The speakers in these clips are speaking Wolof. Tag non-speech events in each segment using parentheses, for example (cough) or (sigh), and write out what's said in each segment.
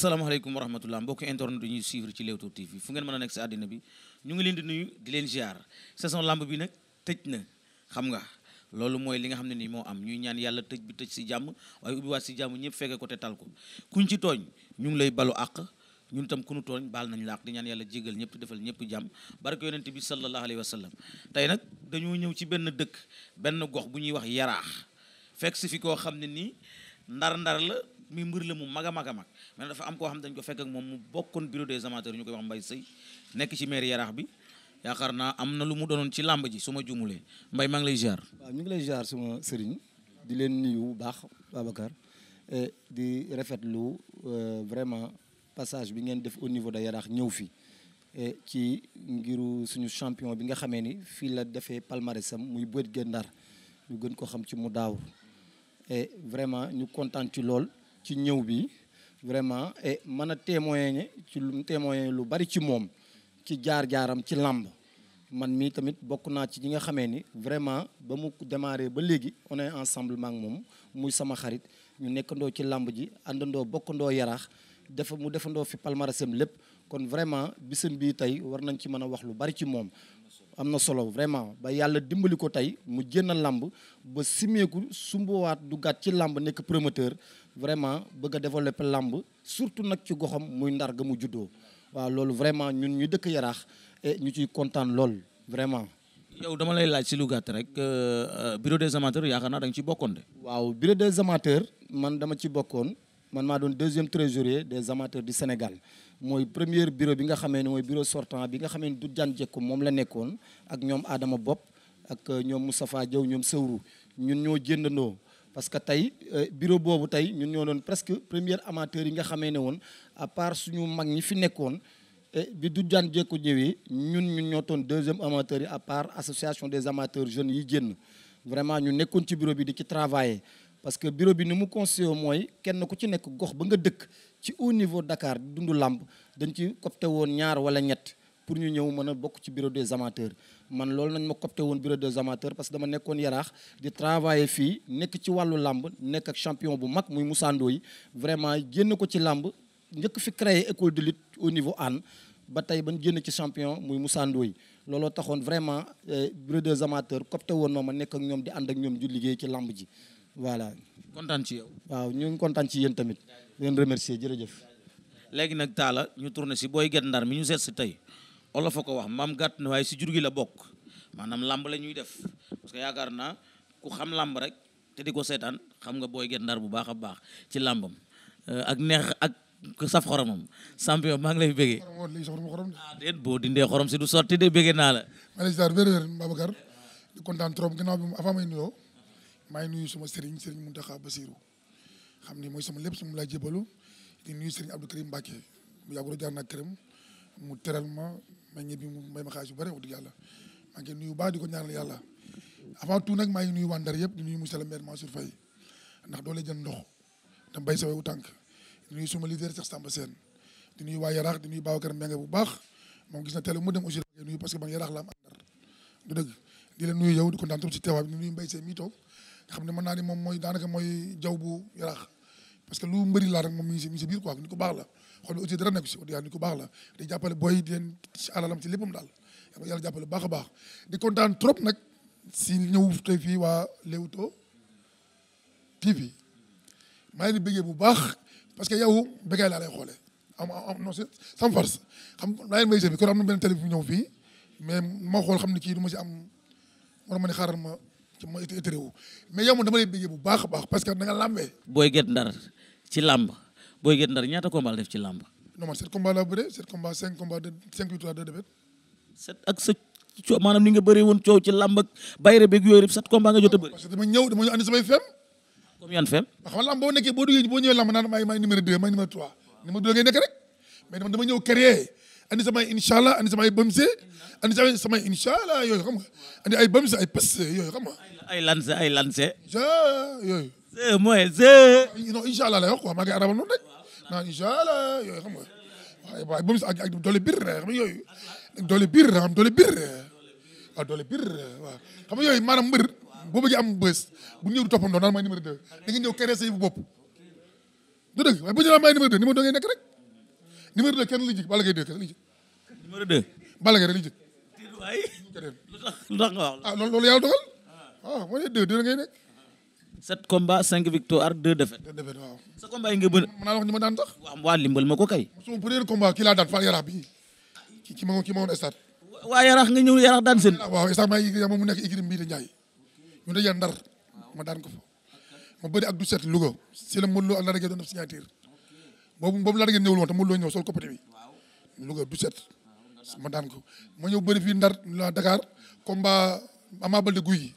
asalaamaaleykum wa rahmatullah mbokk internet yi ñuy suivre ci Leewtoo TV fu ngeen mën a nekk si àddina bi ñu ngi leen di nuyu di leen ziar saison lamb bi nag tëj na xam nga loolu mooy li nga xam ne nii moo am ñuy ñaan yàlla tëj bi tëj si jàmm waaye ubbiwaat si jàmm ñëpp fekke ko te tal ko kuñ ci tooñ ñu ngi lay balu àq ñun tam ku nu tooñ baal nañ la àq di ñaan yàlla jégal ñëpp defal ñëpp jàmm barke yonent bi sallallahu alayhi wa sallam tey nag dañoo ñëw ci benn dëkk benn gox bu ñuy wax yaraax fekk si koo xam ne nii ndar-ndar la mi mbër la mu mag a mag a mag mais dafa am koo xam dañ ko fekk ak moom mu bokkoon bureau de amateurs ñu koy wax Mbaye Seye nekk ci maire yaraax bi yaakaar naa am na lu mu doonoon ci làmb ji suma jumulee Mbaye maa lay ziar. waaw ngi lay ziar suma sëriñ di leen nuyu bu baax Babacar e, di rafetlu e, vraiment passage bi ngeen def au niveau de yaraax ñëw fi e, ci ngiru suñu champion bi nga xamee ni fii la defee palmarèsam muy bët gën ndar ñu gën ko xam ci mu daaw et vraiment ñu kontaan ci lool ci ñëw bi vraiment mën a témoigner ci lu témoigner lu bari ci moom ci jaar-jaaram ci làmb man mii tamit bokk naa ci ñi nga xamee ni vraiment ba mu démarré ba léegi on est ensemble maak moom muy sama xarit ñu nekkandoo ci làmb ji àndandoo bokkandoo yaraax dafa mu defandoo fi palmarèsam lépp kon vraiment bisam bii tey war nañ ci mën a wax lu bari ci moom am na solo vraiment ba yàlla dimbali ko tey mu génn làmb ba simeeku sumbawaat duggaat ci làmb nekk promoteur vraiment bëgg a développer làmb surtout nag ci goxam muy ndar ga mu juddoo waaw loolu vraiment ñun ñu dëkk yaraax ñu ciy kontaan lool vraiment. yow dama lay laaj si lu gàtt rek euh, euh, bureau des amateurs yaakaar naa da ci bokkoon de. waaw bureau des amateurs man dama ci bokkoon. man maa doon deuxième trésorier des amateurs du Sénégal mooy premier bureau bi nga xamee ne mooy bureau sortant bi nga xamee ne du jan jekku moom la nekkoon ak ñoom Adama Bopp ak euh, ñoom Moustapha Diaw ñoom Sëwru ñun ñoo jëndandoo parce que tey euh, bureau boobu tey ñun ñoo doon presque première amateur yi nga xamee ne woon à su ñu mag ñi fi nekkoon bi du jan jekku ñëwee ñun ñun ñootoon toon deuxième amateur yi à part association des amateurs jeunes yi génn vraiment ñu nekkoon ci bureau bi di ci travailler parce que bureau bi ni mu conseillé mooy kenn ku ci nekk gox ba nga dëkk ci au niveau Dakar dundu làmb dañ ci copté woon ñaar wala ñett pour ñu ñëw mën a bokk ci bureau des amateurs man loolu nañ ma copté woon bureau des amateurs parce que dama nekkoon yaraax di travailler fii nekk ci wàllu làmb nekk ak champion bu mag muy Moussa vraiment génn ko ci làmb njëkk fi créé école de lutte au niveau Hann ba tey bañ génn ci champion muy Moussa Ndoye looloo taxoon vraiment eh, bureau des amateurs copté woon ma ma nekk ak ñoom di ànd ñoom ju liggéey ci làmb ji voilà kontaan ci yow. waaw ñu ngi kontaan ci yéen tamit. leen remercier jërëjëf. léegi nag taala ñu tourné si booy get ndar mi ñu seet si tey olof a ko wax maam gàtt na waaye si jur gi la bokk maanaam làmb la ñuy def parce que yaakaar naa ku xam làmb rek te di ko seetaan xam nga booy get ndar bu baax a baax ci làmbam euh, ak neex ak saf xoromam champion maa ngi lay bëggee. ah déet boo dindee xorom si du sotti de bëggee naa la. maa ngi lay ziar wér-wér kontaan trop ginnaaw maa ngi nuyu suma sëriñ sëriñ ba Bassirou xam ni mooy sama lépp su ma laa jébalu di nuyu sëriñ Abdou Karim Mbacke mu yàggul jaar naa mu teral ma ma ñebe mu may bu bëri wax dëgg yàlla maa ngi nuyu baax ko ñaanal yàlla avant tout maa ngi nuyu waa Ndar yëpp di nuyu monsieur le maire Mansour Faye ndax doo lay jël ndox dam bay sawewu tànk di nuyu suma leader Cheikh Samba Sène di nuyu waa Yaraax di nuyu Babacar Mbengue bu baax moom gis na télé mu dem aussi nuyu parce que man Yaraax la am Ndar du dëgg di la nuyu yow di kontaan trop si teewaay bi di nuyu Mbaye Sèye mii nga xam ne mën naa ni moom mooy daanaka mooy jaw bu yaraax parce que lu mbëri laa rek moom mi ngi si mi ngi si biir quoi nit ku baax la xool bi aussi dara nekk si wax dëgg nit ku baax la di jàppale booy di leen a baax di kontaan trop nag si ñëw tey fii waa Leewtoo TV maa ngi di bu baax parce que yow bëggee laa lay xoolee am am non c'est sans farce xam naa leen may sëbi kon am na benn télé bu ñëw fii mais moo xool xam ne kii du ma si am war ma ne xaaral ma ci ma itéré wu mais yow moom dama bu baax a baax parce que da nga booy gét ndar ci làmb booy gét ndar ñaata combat def ci làmb. non man sept combat laa bëree sept cinq combat de cinq victoire deux défaites. sept ak sa nga jot a bëri. parce dama ñëw dama ñëw andi samay fem. comme yan fem. xam nga làmb boo nekkee boo duggee boo ñëwee làmb naan maay maay numéro deux maay numéro trois numéro deux ngay nekk rek mais dama ñëw créer andi samay incha allah andi samay bamse andi samay incha allah yooyu xam nga andi ay bamse yooyu xam nga. ay lancé ay lancé. yooyu. c'est mooy c'est. non incha allah lay wax quoi maa ngi arabal yooyu xam nga bamse ak ak doole biir nga yooyu doole biir am doole biir yooyu maanaam mbër boo bëggee am bës bu ñëw toppandoo naan may numéro 2 da nga ñëw créer sa yëfu bopp du waaye bu ñu naan may numéro 2 numéro 2 ngay nekk numéro 2 kenn la jëkk Balla Gaye 2 kenn la jëkk. numéro 2. Balla Gaye rek la jëkk. waay lu tax lu tax nga wax. ah loolu loolu yàlla dogal. waaw moo ne ngay nekk. 7 combats 5 victoires 2 défaites. sa combat yi nga bëri. mën naa wax ñu daan tax. waaw waa limbal ma ko kay. sama premier combat kii daan Fall Yarax bii ki ki ma woon ki ma woon stade. waa Yarax nga ñëw Yarax daan seen. waaw stade mu nekk Igri Mbite Ndiaye ñu daje ma daan ko fa ma bëri ak du set Louga si la Modou Lo ak Lac de doon def signature boobu boobu laata ngeen ñëwul woon te mënuloo ñëw sol coppite bi ko ma ñëw bëri fii Ndar la Dakar combat Ama Baldé guy gi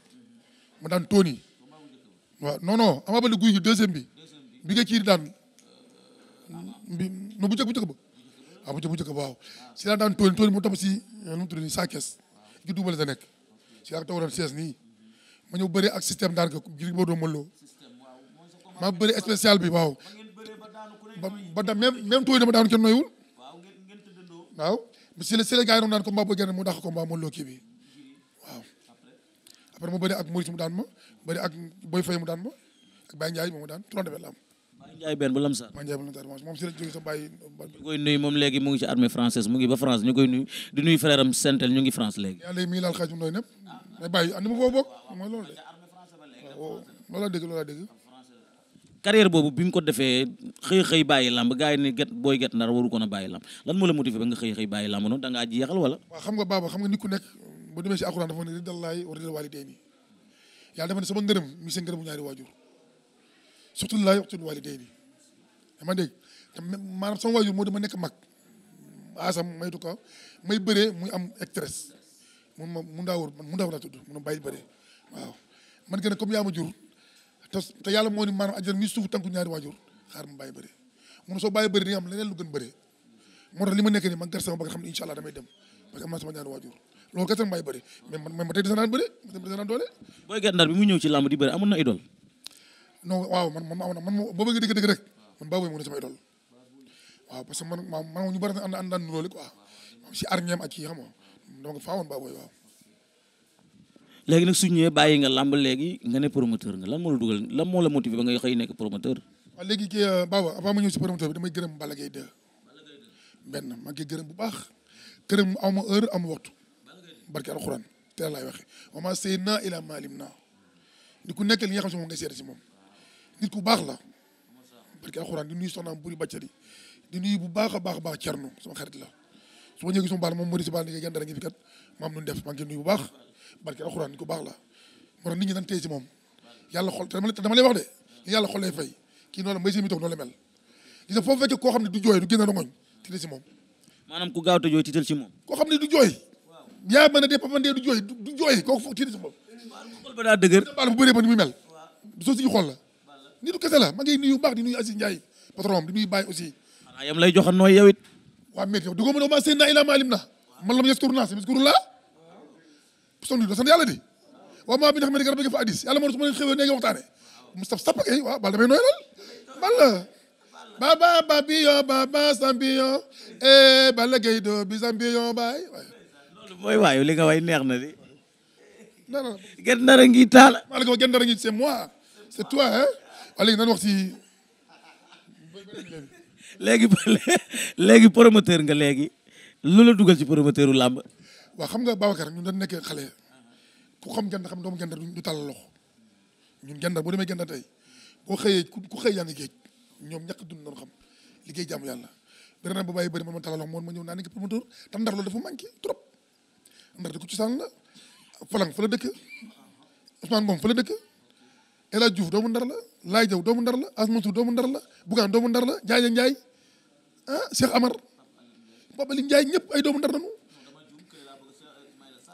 ma daan Tony waaw non non Ama guy gi bi bi ciir daan bi no bu njëkk bu njëkk ba waaw ah, bu njëkk bu njëkk ba waaw si laa daan Tony Tony mu topp si euh, nu mu saa kees gi duubale sa nekk si laa tawoon siège nii ma ñëw bëri ak système daan ko gi boo doo mënuloo maa bëri spécial bi waaw ba ba da même même tooy dama daan kenn noyuwul waaw si la si daan combat boo génn mu dàq combat moo looki bi waaw après mu bëri ak Maurice mu daan ma bëri ak Boy Faye mu daan ma ak Baye Ndiaye moomu daan 30 mu ngi ci armée française ngi ba France ñu koy nuyu di nuyu frère am Sentel ñu loolu de loolu laa dégg loolu dégg carrière boobu bi mu ko defee xëy xëy bàyyi lamb gars yi ne get booy get ndar waru ko na bàyyi làmb lan moo la motivé ba nga xëy xëy bàyyi làmb noonu da ngaa jeexal wala waaw xam nga baaba xam nga nit ku nekk ba demee si alxuraan dafa ne ridal laay wa ridal waalidayni yàlla dafa ne sama ngërëm mi seen ngërëmu ñaari waajur surtout laay waxtul waalidayni maytu ko may bëree muy am actrice mun ma mun daa wër mun daa wër laa tudd mun bàyyi bëree waaw man gën a comme yaa ma jur te te yàlla moo ni maanaam àjjana mi suuf tànku ñaari waajur xaar ma bàyyi bëri mun soo bàyyi bëri di lu gën bëri li ma nekk nii man gar sama ba nga xam ne incha allah damay dem parce que am naa sama ñaari waajur loolu kat man ma tey dina naan bëri ma dina naan doole booy gàtt ndar bi mu ñëw na idol non waaw man man man boo bëggee dëgg dëgg rek man baa booy ne sama idol waaw parce que man man ñu bëri na ànd àndaan loolu quoi si arñeem ak kii xam nga donc faawoon baa booy waaw léegi nag su ñëwee bàyyi nga làmb léegi nga ne promoteur nga lan moo la dugal lan moo la motivé ba ngay xëy nekk promoteur. waaw léegi a Baba a ma ñëw promoteur bi damay gërëm Balla Gaye 2 benn maa gërëm bu baax gërëm am ma heure am waxtu barke alxuraan teel laay waxe wa ma sey naa ila maalim naa ni ku nekk li nga xam si moom ngay seet si moom nit ku baax la barke alxuraan di nuyu soxnaam buri bàccali di nuy bu baax a baax a baax Cerno sama xarit la su ma ñëwee suma baal moom Maurice Baal def maa ngi bu baax barke alxuraan ni ko baax la moo tax nit ñi dañ tey ci moom yàlla xol te dama lay de li yàlla xol lay fay kii noonu mbay si mi toog noonu la mel gis ne du jooy du génn rongoñ tiital si ne du a dee papandee du jooy du jooy soo suñu xol la du kese la nuyu baax di nuyu Aziz Ndiaye patron am di nuyu Baye aussi yam lay joxan nooy yow waa mais yow du ko seen naa ilaa maalim na man yaskur naa si miskurulaa sondu da sant yàlla di waaw maa bi nga xam ne garab gi fa addis yàlla moo su ma bal damay nooyalal bal eh, waayu li nga neex na di dara gën dara ngi taal maa la ko gën dara ngi c'est moi c'est toi hein waa léegi nan wax si léegi (laughs) léegi promoteur nga léegi lu la dugal ci promoteur u làmb waaw xam nga Babacar ñun dañ nekkee xale ku xam gendar xam doomu gendar du tàllal loxo ñun gendar boo demee gendar tey boo xëyee ku xëy yaa ngi géej ñoom ñàkk dund noonu xam liggéey jaamu yàlla beneen na ba bàyyi bëri man ma tàllal loxo moom ma ñëw naa nekk promoteur te ndar loolu dafa manqué trop ndar di ko ci sànn la Falang fa la dëkk Ousmane Ngom fa la dëkk El Hadj Diouf doomu ndar la Laye Diaw doomu ndar la Asmatu doomu ndar doomu ndar la Ndiaye Ndiaye ah Cheikh Amar Babali Ndiaye ñëpp ay doomu ndar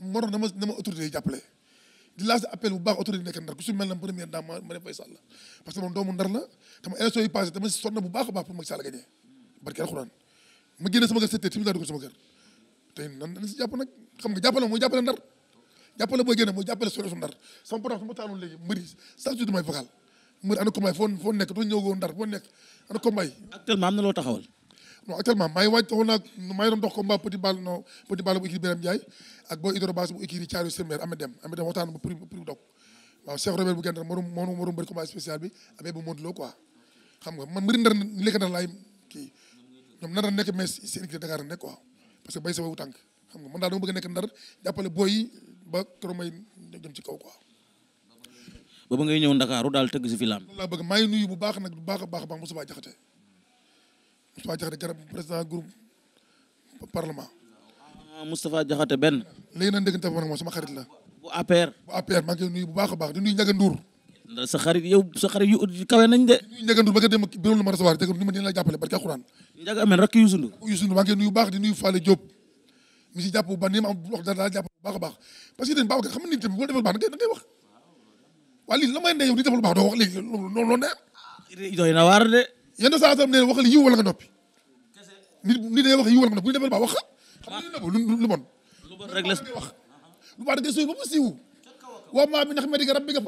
moo tax dama dama autorité yi jàppale di lancer appel bu baax autorité nekk ndar ku si mel na première dame Marième Faye Sall parce que moom doomu ndar la te ma élection yi passé dama si sonn bu baax a baax pour Macky Sall gagné barke alxuraan ma génne sama kër seetee tamit laa dugg sama kër tey nan nan si jàpp nag xam nga jàppale mooy jàppale ndar jàppale booy génne mooy jàppale solo su ndar sama portable su ma taaloon léegi mbëri chaque jour damay vocal mbëri ana combat foo loo taxawal non actuellement maa waaj taxoon naa maa ngi doon dox combat petit ball non petit bu équipe Birame Ndiaye ak booy hydrobase bu équipe Thiaroye sur Mer Amed Dem Amed Dem waxtaan bu prix prix dog waaw Cheikh Robert bu gendre moom moom moom a nekk mais seen équipe Dakar nekk quoi parce que bay sa xam nga man daal dama bëgg nekk ndar jàppale booy ba keroog may jëm ci kaw quoi booba ngay ñëw Ndakaaru daal tëgg si fi baax nag a baax a baax Moustapha Diakhaté jarab président groupe parlement. Moustapha Diakhaté benn. léegi nag dégg nga téléphone moom sama la. bu APR. bu APR maa ngi bu baax a baax di nuyu Ndiaga Ndour. sa sa xarit yu kawe nañ de. di nuyu ba nga dem ak bureau ma recevoir la baax di nuyu Fallou Diop. mi si baax ni ma am wax dara daal jàpp bu baax a baax parce que dañ baax baax da ngay wax waa lii la baax doo wax léegi loolu noonu na waar de yenn saa sax nee na waxal yiw wala nga noppi nit nit wax yiw wala nga noppi bu ñu ba wax xam nga lu nëbb lu bon. rek la wax lu baax da ngay sooy ba mu siiw wa maa bi ndax ma di garab bi nga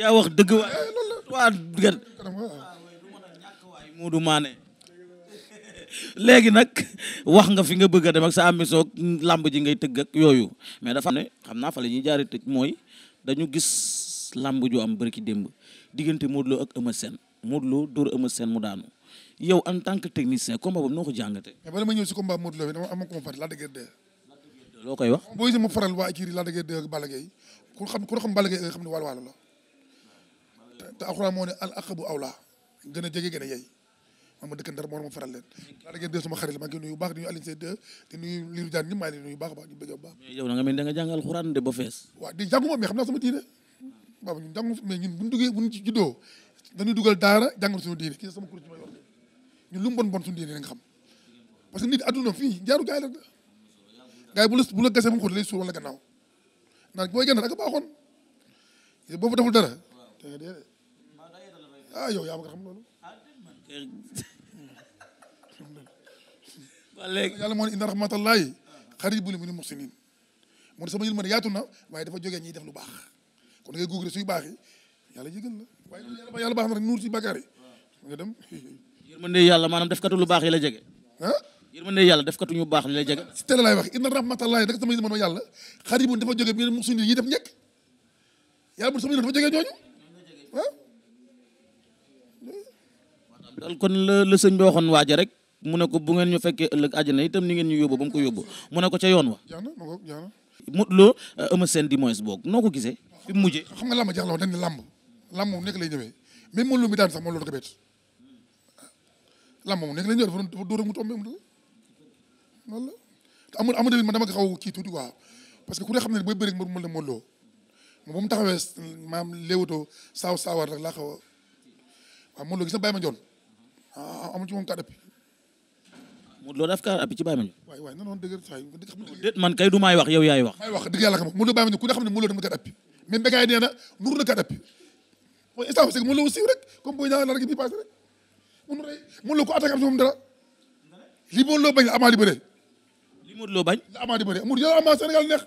yaa wax dëgg waay eh, loolu nag wax nga fi nga bëgg a dem ak sa ambition làmb ji ngay tëgg yooyu mais dafa ne xam naa fa la ñuy jaari tëj mooy dañu gis làmb ju am bërki démb diggante Modou Lo ak Eumeu Sène Modou Lo dóor Eumeu Sène mu daanu yow en tant que technicien combat boobu noo ko jàngate bala ma ñëw si combat Modou Lo bi dama am ko ma faral xam ku xam Balla xam ne wàllu wàllu la te alxuraan moo ne al aqrabu a a de Guiers 2 sama xarit la baax di nuyu baax a ba fees waaw di jànguma xam naa sama diine boobu ñun jàngu mais ñun buñ duggee buñ ci juddoo dañuy dugal daara jàngal suñu diine ma yor ñun lu mu bon bon suñu diine nga xam parce que nit adduna fii njaru gaay la gaay yi bu la bu la gasee ba mu xóot lay suur wala gannaaw booy génn da nga baaxoon boo fa deful dara te nga dee ah yow yaa loolu léegi yàlla moo ne inna rahmatallahi xaribun minal muhsinin mu sama yërmande yaatu na waaye dafa jógee ñi def lu baax kon ngay google suy baax yi yàlla jéggal la waaye yal yàlla baax na rek nuur si bàkkaar yi nga dem yërmande yàlla maanaam def ka lu baax yi la jege ah yërmande yàlla def katu ñu baax li la jege si télé laay wax inna rahmatallahi dak sama yërmande ma yàlla xaribun dafa jóge bi ngeen suñu yi def njëkk yàlla bu sama yërmande dafa jógee kon la la sëñ bi waxoon waaja rek mu ne ko bu ngeen ñu fekkee ëllëg àjjana itam ni ngeen ñu yóbbu ba mu ko yóbbu mu ne ko ca yoon wa. jaana ma ko jaana. mu loo Eumeu Sène di boog noo ko gisee. fi mu mujjee xam nga làmb jaaxla woon dañ ne làmb làmb moom nekk lay ñëwee même Modou Lo mi daan sax moom loolu da ko bett làmb moom nekk lay ñëwee dafa dóor ak mu tombé mu loolu la amul amul man dama ko xaw kii tuuti quoi parce que ku ne xam ne booy bëri mën na Modou Lo moom ba mu taxawee maam léewatoo saaw saawar rek laa xaw a waaw Modou Lo gis na Baye Mandione ah amul ci moom kaa dëpp Modou Lo daf kaa dëpp ci Baye Mandione waay waay non non dëgg saa yi man kay du maay wax yow yaay wax maay wax dëgg yàlla xam Modou Lo Baye Mandione ku ne xam ne Modou Lo dama kaa dëpp mais Bécaye nee na nuru na kadap mooy instant parce que mënuloo siiw rek comme booy ñaanal rek bii ko attaqué am si moom dara li mënuloo bañ la Ama di bëree. li mënuloo bañ. la Ama di bëree amul yow Ama Sénégal neex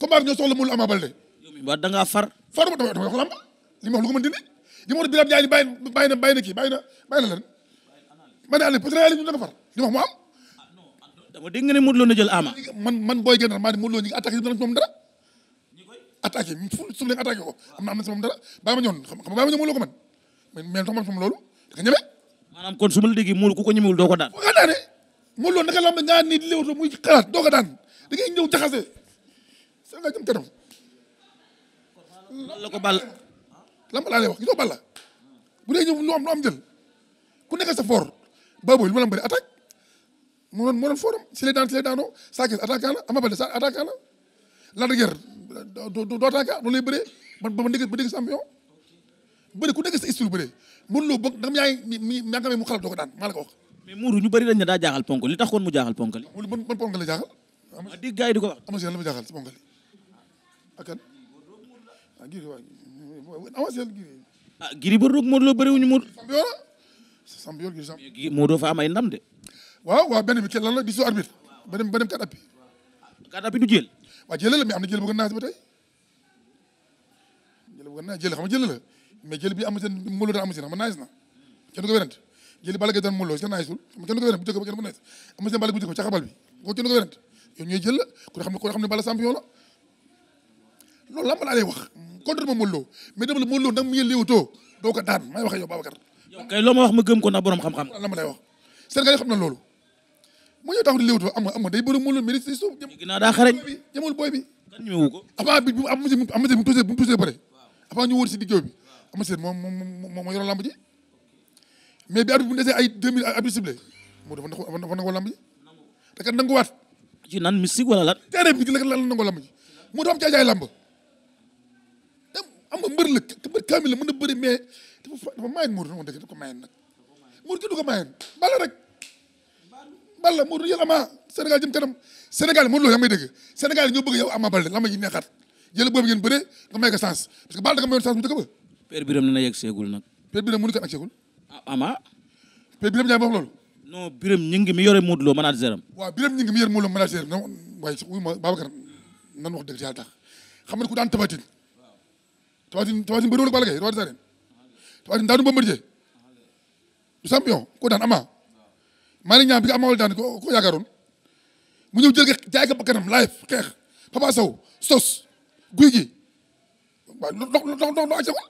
combat ñoo soxla mënul Ama Baldé. yow mii waa da ngaa far. far ma dama dama wax làmb li ma wax lu ko mën dindi li ma wax na bàyyi na kii ma ne Aliou parce que Aliou am. Ah, ah, dama dégg ne mënuloo na jël Ama. man man booy gënal maa ne mënuloo ñu ngi attaqué ñoom dara attaqué fu suuf leen attaqué ko am na am na si moom dara bàyyi ma ñëwoon xam nga bàyyi ma ñëw moo la ko man mais mu loolu da ñeme maanaam kon su doo ko daan nga daane muul loolu naka lamb nga ni léewto doo wax gisoo balla bu dee ñëw am lu am jël ku nekk sa fort baboy lu ma la bëri attaque moo doon moo doon daan si lay saa kis attaquant la ama bal de sa attaquant la Lac de Guiers doo doo doo attaqué loolu lay bëree man ba ma dégg ba dégg champion bëri ku nekk sa bëree mënu loo bëgg dama yaa ngi mi yaa ngi ko daan maa la ko wax. mais Mourou ñu bëri dañ ne daa jaaxal ponk li tax kon mu jaaxal ponk li. man man ponk la jaaxal. ah di gars yi di ko wax. am giri waaw avancé giri. ah giri ba roog Modou Lo bëriwuñu Modou. champion la champion giri champion. mais Modou fa am ndam de. waaw waaw benn bi kenn lan la di soo arbitre benn benn quatre appuis. quatre appuis du jël. waaw jël la mais am na jël bu gën naa si ba tey jël bu gën naa jël xam nga jël la mais jël bi am seen mëloo daan am seen xam nga naagis na kenn ko werante jël Balla Gaye daan mëloo si ka naagisul xam nga kenn ko werante bu jëkk ba kenn ko naagis am seen Balla bu jëkk ba ca xabal bi ko kenn ko werante yow ñooy jël la ku xam ne ku xam ne Balla champion la loolu lamba laa lay wax contre ma mëloo mais dama la mëloo nag mu yël léewatoo doo ko daan may wax yow Babacar yow kay loo ma wax ma gëm ko ndax borom xam-xam lamba lay wax Sénégal yi xam na loolu mu ñëw taxaw di liwut am nga am nga day bëri mu lu mérite si suuf ginnaaw daa xarañ bi jëmul booy bi kan ñëwu ko avant bi bu amasi amasi bu tuusee bi amasi moom moom moo yoroon lamb ji mais bi arbitre bu desee ay deux mille arbitre ciblé mu dafa dafa nangoo lamb ji te kat nanguwaat ci nan mystique wala lan terrain la la nangoo lamb ji mu dafa am caajaay lamb am nga la mbër kaamil la mën a bëri mais dafa dafa maayeen muur dafa dëgg dafa ko maayeen nag muur ki du ko maayeen Balla Modou Lô yéen Ama Sénégal jëm kanam Sénégal Modou Lô yaa may dégg Sénégal ñoo bëgg yow Ama Baldé lama ji neexaat jël boobu ngeen bëree nga may ko sens parce que Balla da nga mayoon sens bu njëkk ba Père Birame na yegg seegul nag Père Birame mënu ko ak seegul ah, Ama Père Birame Ndiaye ngi mi yore Modou Lô manager am waaw Birame ñu mi yore Modou Lô manager am non waaye wuy ma Babacar nan wax dëgg yàlla tax xam nga ku daan Tapha Tine Tapha Tine Tapha Tine bëriwul ak Balla Gaye roi des arènes Tapha Tine daanu Bombardier champion ku daan Malick Niang bi nga am Ama Baldé daan ko ko yaakaaroon mu ñëw jël jaay ko bakkanam live xeex Papa Sow sos guy gi waaw ndox ndox ndox ndox acamol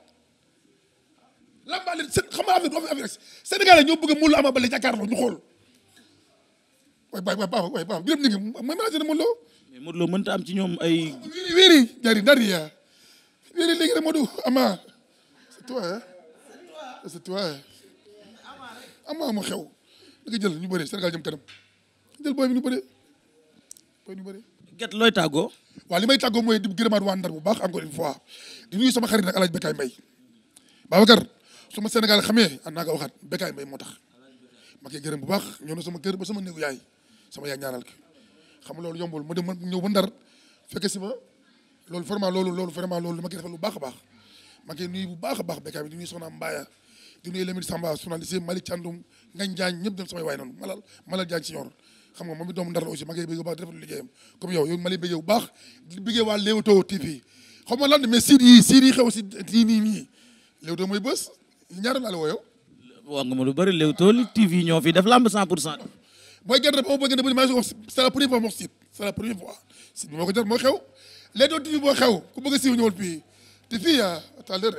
lambale xam nga affaire affaire rek Sénégalais ñoo bëgg Modou Lô Ama Baldé jàkkaarloo ñu xool waay waay waay baax waay baax biram ñu ngi mooy manager Modou Lô mais Modou Lô mënta am ci ñoom ay wéri wéri dari dari ya ah. wéri léegi rek Modou Ama c'est toi c'est toi Ama moo xew da nga jël ñu bëree Sénégal jëm kanam jël booy bi ñu bëree booy ñu bëree. Guet looy tàggoo. waa li may tàggoo mooy di gërëmaat waa Ndar bu baax encore une fois di nuyu sama xarit nag alaaj Bekaay Mbaye Babacar su ma Sénégal xamee an naa ko waxaat Bekaay Mbaye moo tax ma koy gërëm bu baax ñëw na sama kër ba sama néegu yaay sama yaay ñaanal ko xam nga loolu yombul ma dem ma ñëw ba Ndar fekke si ma loolu vraiment loolu loolu vraiment loolu ma koy defal lu baax a baax ma koy nuyu bu baax baax Bekaay bi di nuyu soxna Mbaaya di nuyu Lamine Samba journaliste Malick Thiandoum Ngagne Diagne ñëpp dem samay waay Malal Malal Diagne si ñor nga moom doomu Ndar la aussi ma ngay bëgg baax di rafetlu comme yow yow ma lay bëggee bu baax di bëggee waa Leewtoo TV xam nga lan yi siir si nii ma lu bëri Leewtoo li TV ñoo fi lamb 100 pour cent booy gerte ba ma bëgg la première fois moom site c'est la première fois site bi moo ko jot moo xew Leewtoo TV moo xew ku bëgg a siiw ñëwal fii te fii à ah,